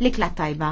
l-ikla tajba.